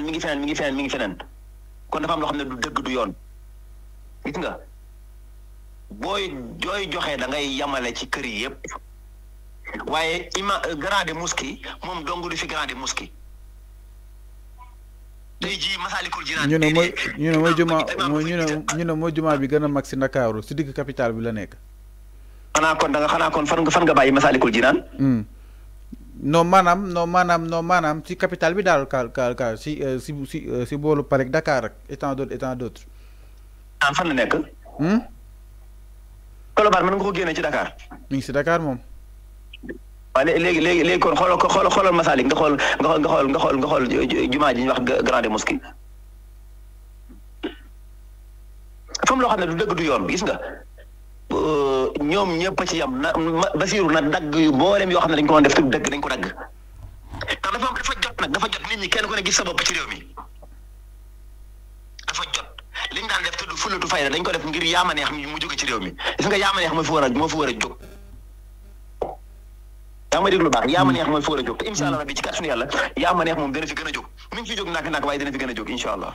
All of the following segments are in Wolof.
mi ngi feneen mi ngi feneen mi ngi feneen kon dafa am loo xam ne du dëgg du yoon gis nga booy jooy joxe da ngay yamale ci kër yi yëpp waaye ima euh, grande mosquée moom dong du fi grande mosquée. tey jii Masaalikul Jinaan ñu ne mooy ñu ne mooy jumaa mooy ñu ne mooy jumaa bi gën a mag si Ndakaaru si digg capital bi la nekk. xanaa kon da nga xanaa kon far nga fan nga bàyyi Masaalikul Jinaan hmm. non maanaam non maanaam non maanaam si capital bi daal kaal kaal kaal euh, si si si euh, si boolu Paris Dakar ak et tant d'autres et tant ah, fan la nekk. Hmm? Colobane mën nga ko génne ci Dakar. mi ngi si Dakar moom. waaw léegi léegi léegi kon xoolal xoolal masaal yi nga xool nga xool nga xool nga xool nga xool jumaa ji ñu wax grande mosquée. fam loo xam ne du dëkk du yoon gis nga. Euh, ñoom ñëpp ci yam na Basiru na dagg yu mboolem yoo xam ne dañ ko doon def te dëgg dañ ko dagg ndax dafa dafa jot nag dafa jot nit ñi kenn ko ne gi sa bopp ci réew mi dafa jot liñ daan def te ko def ngir yaama neex mi mu jóge ci réew mi gis nga yaama neex moo moo fi war a jóg a jóg te incha allah rabbi ci moom dana fi gën jóg mi ngi jóg nak nak waaye dana fi gën jóg incha allah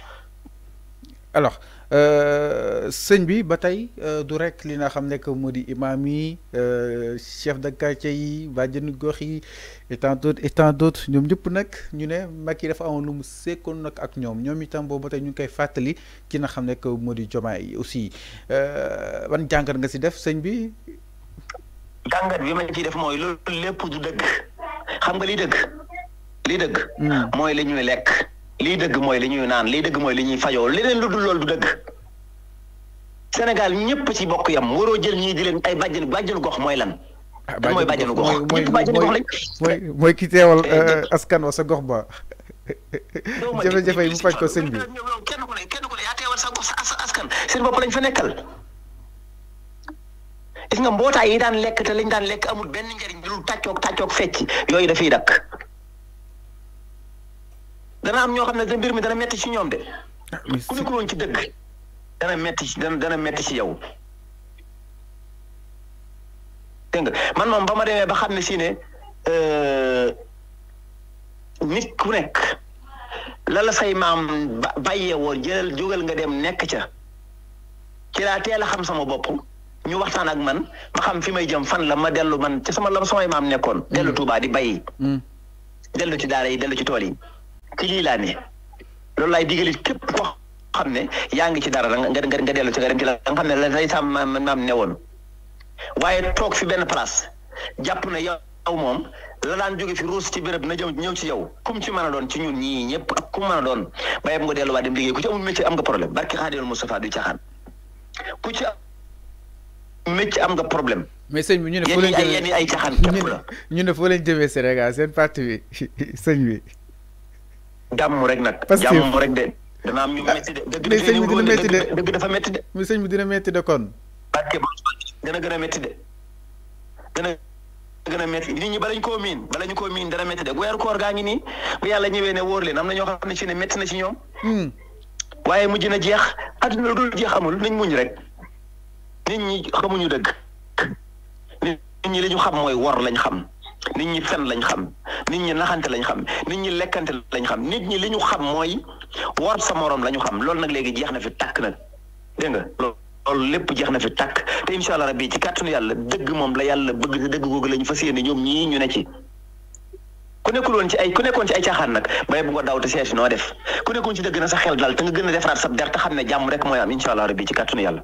alors euh, sëñ bi ba tey euh, du rek li nga xam ne que moo di imaam yi euh, chef de quartier yi bàjjenu gox yi et tant d'autres et ñoom ñëpp nag ñu ne Macky dafa amoon lu mu sekkoon nag ak ñoom ñoom itam boobu ba tey ñu ngi koy fàttali ki nga xam ne que moo di Diomaye yi aussi wan jàngat nga si def sëñ bi. jàngat bi ma ciy def mooy loolu lépp du dëgg xam nga li dëgg. li dëgg. Hmm. mooy la ñuy lekk. lii dëgg mooy li ñuy naan lii dëgg mooy li ñuy fajoo leneen lu dul loolu du dëgg Sénégal ñëpp ci bokk yam waroo jël ñii di leen ay bàjjen bàjjenu gox mooy lan. ah mooy bàjjenu gox mooy mooy mooy ki teewal eh, eh, askan wa sa gox ba. jafe-jafe yi mu faj ko sëñ bi. kenn ku kenn ku ne yaa sa gox sa askan seen bopp lañ fa nekkal. gis nga mbootaay yi daan lekk te lañ daan lekk amul benn njariñ lu tàccoog tàccoog fecc yooyu dafiy dakk dana am ñoo xam ne da mbir mi dana metti ci ñoom de ah, ku woon ci dëgg dana metti ci dana dana ci yow dégg nga man moom ba ma demee ba xam ne si ne euh, nit ku nekk la la say maam bàyyee woon jëlal nga dem nekk ca ci laa teel a xam sama bopp ñu waxtaan ak man ma xam fi may jëm fan la ma dellu man ci sama la samay maam nekkoon dellu mm. Tuubaa di bay mm. dellu ci daara yi dellu ci tool yi ci lii laa ne loolu laay digalit képp koo xam ne yaa ngi ci dara nga nga nga dellu ci nga dem ci la nga xam ne la lay sàmm maam maam ne woon waaye toog fi benn place jàpp na yow moom la daan jóge fi ci béréb na jëm ñëw ci yow kum ci mën a doon ci ñun ñii ñëpp ak kum mën a doon ba yem nga delluwaat dem liggéey ku ci amul métier am nga problème barki Xaadimu Mustafaa du caaxaan ku ci am métier am nga problème. mais sëñ bi ñu ne foo lañ jëmee ay caaxaan képp la ñu ne foo leen jëmee Sénégal seen parti bi sëñ wi jàmm rek nag. parce que jàmm rek de. dana am ñu ah, métti de dëgg dafa métti de. mais sëñ bi dina métti de kon. parce que dana gën a métti de. dana gën a nit ñi bala ñu koo miin bala ñu koo miin dana métti de weeru koor gaa ngi nii bu yàlla ñëwee ne wóor leen am na ñoo xam ne ci ne métti na ci ñoom. Hmm. waaye mujj na jeex àdduna lu dul jeex amul nañ muñ rek. nit ñi xamuñu dëgg. nit ñi lañu xam mooy wor lañ xam. nit ñi fen lañ xam nit ñi naxante lañ xam nit ñi lekkante lañ xam nit ñi li ñu xam mooy war sa morom la xam loolu nag léegi jeex na fi tàkk nag dégg nga loolu lépp jeex na fi tàkk te incha allah rabbi ci kàttanu dëgg moom la yàlla bëgg te dëgg googu la ñu fas yéene ñoom ñii ñu ne ci. ku nekkul woon ci ay ku nekkoon ci ay caaxaan nag bay bu ko daw te seet noo def ku nekkoon ci dëgg na sa xel daal te nga gën a defaraat sa der te xam ne jàmm rek mooy am incha allah rabbi ci kàttanu yàlla.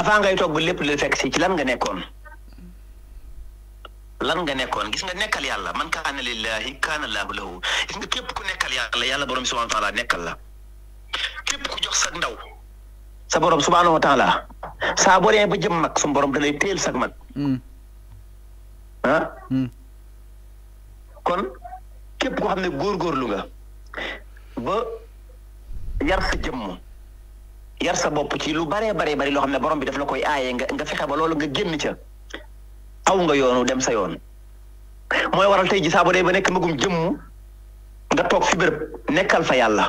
avant ngay togg lepp lu fekk si ci lan nga nekkon lan nga nekkon gis nga nekkal yalla man kaana lillahi kana laahu lahu gis nga kep ku nekkal yalla yalla ya borom subhanahu wa taala nekkal la kep ku jox sak ndaw sa borom subhanahu wa taala bo rien ba jëm mak sun borom dalay teel hmm ha hmm kon képp ko gur gur lu nga ba yar sa jëm yar sa bopp ci lu baree baree bari loo xam ne borom bi daf la koy aaye nga nga fexe ba loolu nga génn ca aw nga yoonu dem sa yoon mooy waral tey ji saa bu ba nekk magum jëmm nga toog fi bërëb nekkal fa yàlla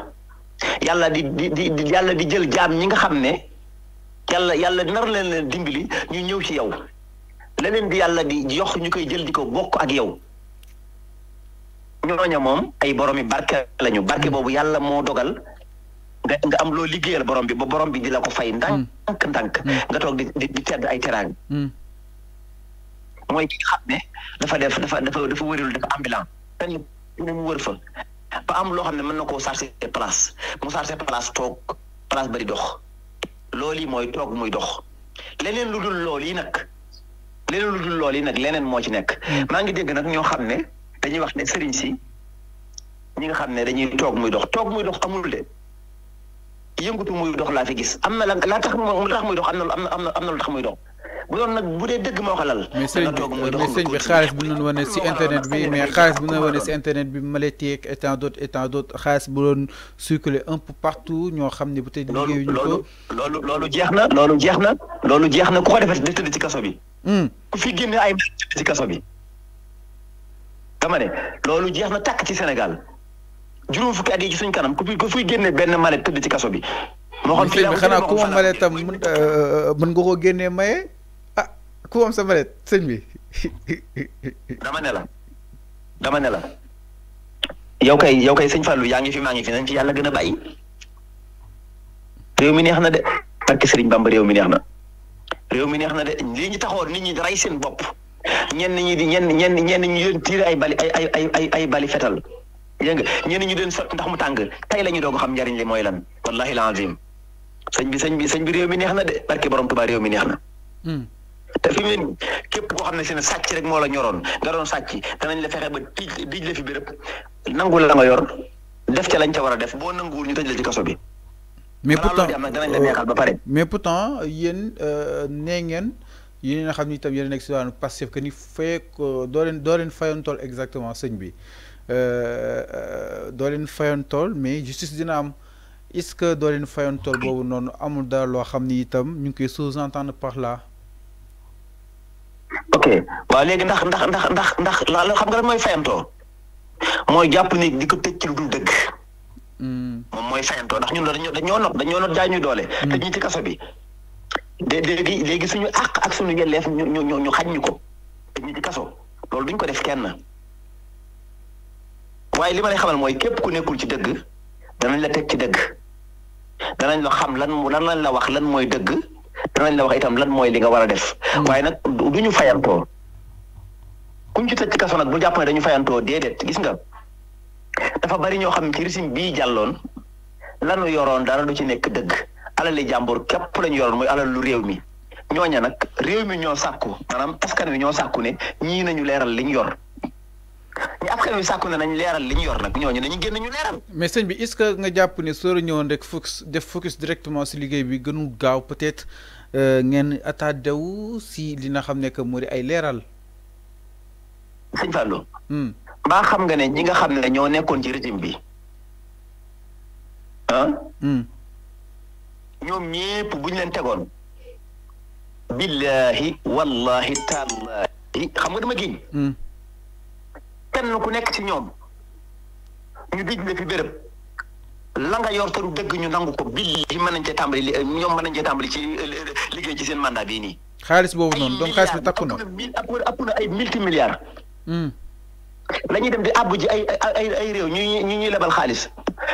yàlla di di di yàlla di jël jaam ñi nga xam ne yàlla yàlla nar leen leen dimbali ñu ñëw ci yow leneen di yàlla di jox ñu koy jël di ko bokk ak yow ñooña moom ay boromi barke lañu barke boobu yàlla moo dogal nga am loo liggéeyal borom bi ba borom bi di la ko fay. Mm. ndànk ndànk mm. nga toog di di tedd ay teraanga. Mm. mooy ki nga xam ne dafa def dafa dafa dafa wëril dafa ambulant. fenn ne mu wër fa ba am loo xam ne mën na koo chargé place mu chargé place toog place ba di dox loolu yi mooy toog muy dox leneen lu dul lool yi nag leneen lu dul lool yi nag leneen moo ci nekk. maa ngi dégg nag ñoo xam ne dañuy wax ne sëriñ si ñi nga xam ne dañuy toog muy dox toog muy dox amul de. yëngatu muy dox laa fi gis am na la tax mu tax muy dox am na am na am na lu tax muy dox bu doon nag bu dee dëgg moo xalal. mais sëñ bi mais sëñ bi xaalis bu ñu wane si internet bi mais xaalis bu ñu wane si internet bi Maletteeg et tant d' autres et tant d' autres xaalis bu doon circuler un peu partout ñoo xam ne bu tey liggéeyuñu ko. loolu loolu jeex na loolu jeex na loolu jeex na ku ko defee di tëdd ci kaso bi. ku fi génne ay tëdd ci kaso bi. dama ne loolu jeex na tàkk ci Sénégal. juroom fukki at ci suñ kanam ku fi ku fiy génne benn malet tëdd ci kasso bi. mo xam fii xana ku ma malet am euh, euh, mën nga ko génnee maye ah ku am sa malet señ bi. dama ne la dama ne la yow kay yow kay señ fallu yaangi fi maangi fi nañ fi yalla gëna bayyi rew mi neex na de ak señ Bamba rew mi neex na réew mi neex na de li ñi taxoon nit ñi ray seen bopp ñen ñi di ñen ñen ñen ñu leen tiir ay bali ay ay ay ay bali fetal. dégg nga ñu doon sotti ndax mu tàng tey la ñu doog xam njariñ li mooy lan wallahi alazim sëñ bi sëñ bi sëñ bi réew mi neex na de barke borom Tuubaa réew mi neex na. Hmm. te fi mu ne képp koo xam ne si ne sàcc rek moo la ñoroon nga doon sàcc danañ la fexe ba tij tij la fi béréb nangul la nga yor def ca lañ ca war a def boo nanguwul ñu tëj la ci kaso bi. mais pourtant danañ la neexal ba pare. Euh, mais pourtant yéen euh, nee ngeen yéen a xam ni tam yéen a nekk si daanu passif que ni fayee ko euh, doo leen doo leen fayantool exactement sëñ bi. Euh, euh, doo leen fayoon tool mais justice dina am est-ce que doo leen fayoon tool boobu noonu amul dara loo xam ni itam ñu ngi koy sous-entendre en par là. ok waaw léegi ndax ndax ndax ndax ndax loo xam nga lan mooy fayantoo mooy jàpp ni di ko tëj ci lu dul dëkk hmm. moom mooy fayantoo ndax ñun dañoo dañoo not dañoo not jaay ñuy doole. Hmm. te ñu ci kaso bi. léegi léegi suñu àq ak su suñu yelleef ñu ñu ñu xañ ñu ko. te ñu kaso loolu duñ ko def kenn. waaye li ma lay xamal mooy képp ku nekkul ci dëgg danañ la teg ci dëgg danañ la xam lan lan lañ la wax lan mooy dëgg danañ la wax itam lan mooy li nga war a def. Mm. waaye nag du ñu fayantoo kuñ ci tëj kaso nag bu jàpp dañu fayantoo déedéet gis nga dafa bari ñoo xam ci régime bii jàlloon lanu yoroon dara du ci nekk dëgg alali jàmbur képp lañu yoroon mooy alal lu réew mi ñooña nag réew mi ñoo sàkku maanaam askan wi ñoo sàkku ne ñii nañu leeral liñ yor. ñu askan wi sàkku na nañ leeral li ñu yor nag ñooñu nañu génn ñu leeral. mais bi est-ce que nga jàpp ne soo ñëwoon rek focus def focus directement si liggéey bi gënul gaaw peut-être euh, ngeen attaadewu si dina xam ne que moo di ay leeral. sëñ Fallou. mbaa hmm. xam nga ne ñi nga xam ne ñoo nekkoon ci régime bi ah? hmm. ñoom ñépp bu ñu leen tegoon. billahi wallahi tallahi xam nga dama giñ. Hmm. kenn ku nekk ci ñoom ñu dij la fi béréb la nga yor taru dëgg ñu nangu ko bill yi mën nañ cee tàmbali li ñoom mën nañ tàmbali ci euh, euh, liggéey ci seen mandat bii nii. xaalis boobu noonu donc xaalis bi takku na ëpp na ay multi milliards. Hmm. la ñuy dem di àbb ji ay ay ay réew ñu ñu ñuy lebal xaalis.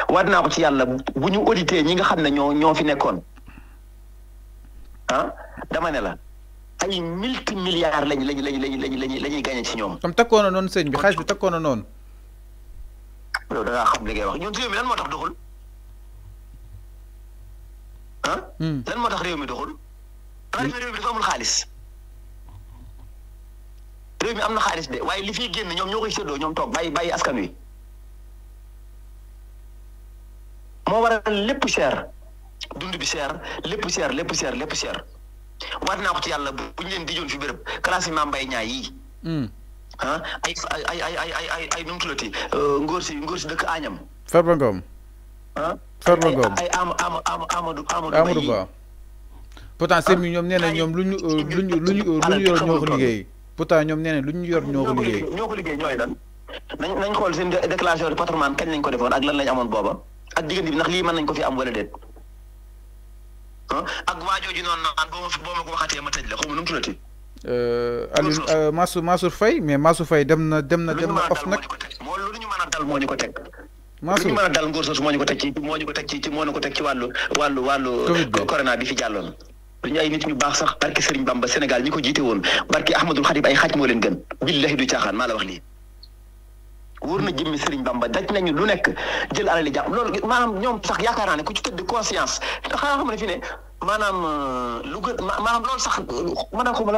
war naa ko ci yàlla bu ñu audité ñi nga xam ne ñoo ñoo fi nekkoon ah dama ne la. ay multi milliards lañ lañ lañ lañ lañ lañ la ñuy gagné ci ñoom. comme takkoon na noonu sëñ bi xaalis bi takkoon na noonu. loolu da ngaa xam li ngay wax ñun réew mi lan moo tax doxul ah. lan moo tax réew mi doxul. xaalis réew mi dafa amul xaalis. réew mi am na xaalis de waaye li fiy génn ñoom ñoo koy séddoo ñoom toog bàyyi bàyyi askan wi. moo waral lépp cher dund bi cher lépp cher lépp cher lépp cher. war naa ko ci yàlla buñ leen joon fi béréb classe imam bay ñaay yi ah ay ay ay ay ay ay ay nu mu tuddati euh, ngóor si ngóor si dëkk Agnam. Farba Ngom. ah Farba Ngom ay ay Am Am Am Amadou Amadou Ba. pourtant sëñ bi ñoom nee na ñoom lu ñu lu ñu lu ñu lu ñu yor ñoo ko liggéey pourtant ñoom nee na lu ñu yor ñoo ko liggéey. ñoo ko liggéey ñooy lan. nañ nañ xool seen déclaration de patrimoine kañ lañ ko defoon ak lan lañ amoon booba ak diggante bi ndax lii mën nañ ko fi am wala déet. ak waajooju noonu naan boo ma boo ma ko waxatee ma tëj la xaw ma nu mu tuddati. Euh, Aliou euh, Mansour Mansour mais Mansour Faye dem na dem na dem na of nag. lu ñu mën a moo ñu ko teg. Mansour lu ñu mën a dal ngóor soosu ko teg ci moo ñu ko teg ci moo ñu ko teg ci wàllu wàllu wàllu. corona bi fi jàlloon. dañu ay nit ñu baax sax barke Serigne Bamba Sénégal ñi ko jiite woon barke Ahmadul Xadib ay xaj moo leen gën. billahi du caaxaan maa la wax lii. wóor na jëmmi Serigne Bamba daj nañu lu nekk jël alali jàpp loolu maanaam ñoom sax yaakaar naa ne ku ci tëdd conscience xanaa xam ne fi ne maanaam euh, lu gën maanaam lool sax maanaam euh, xuma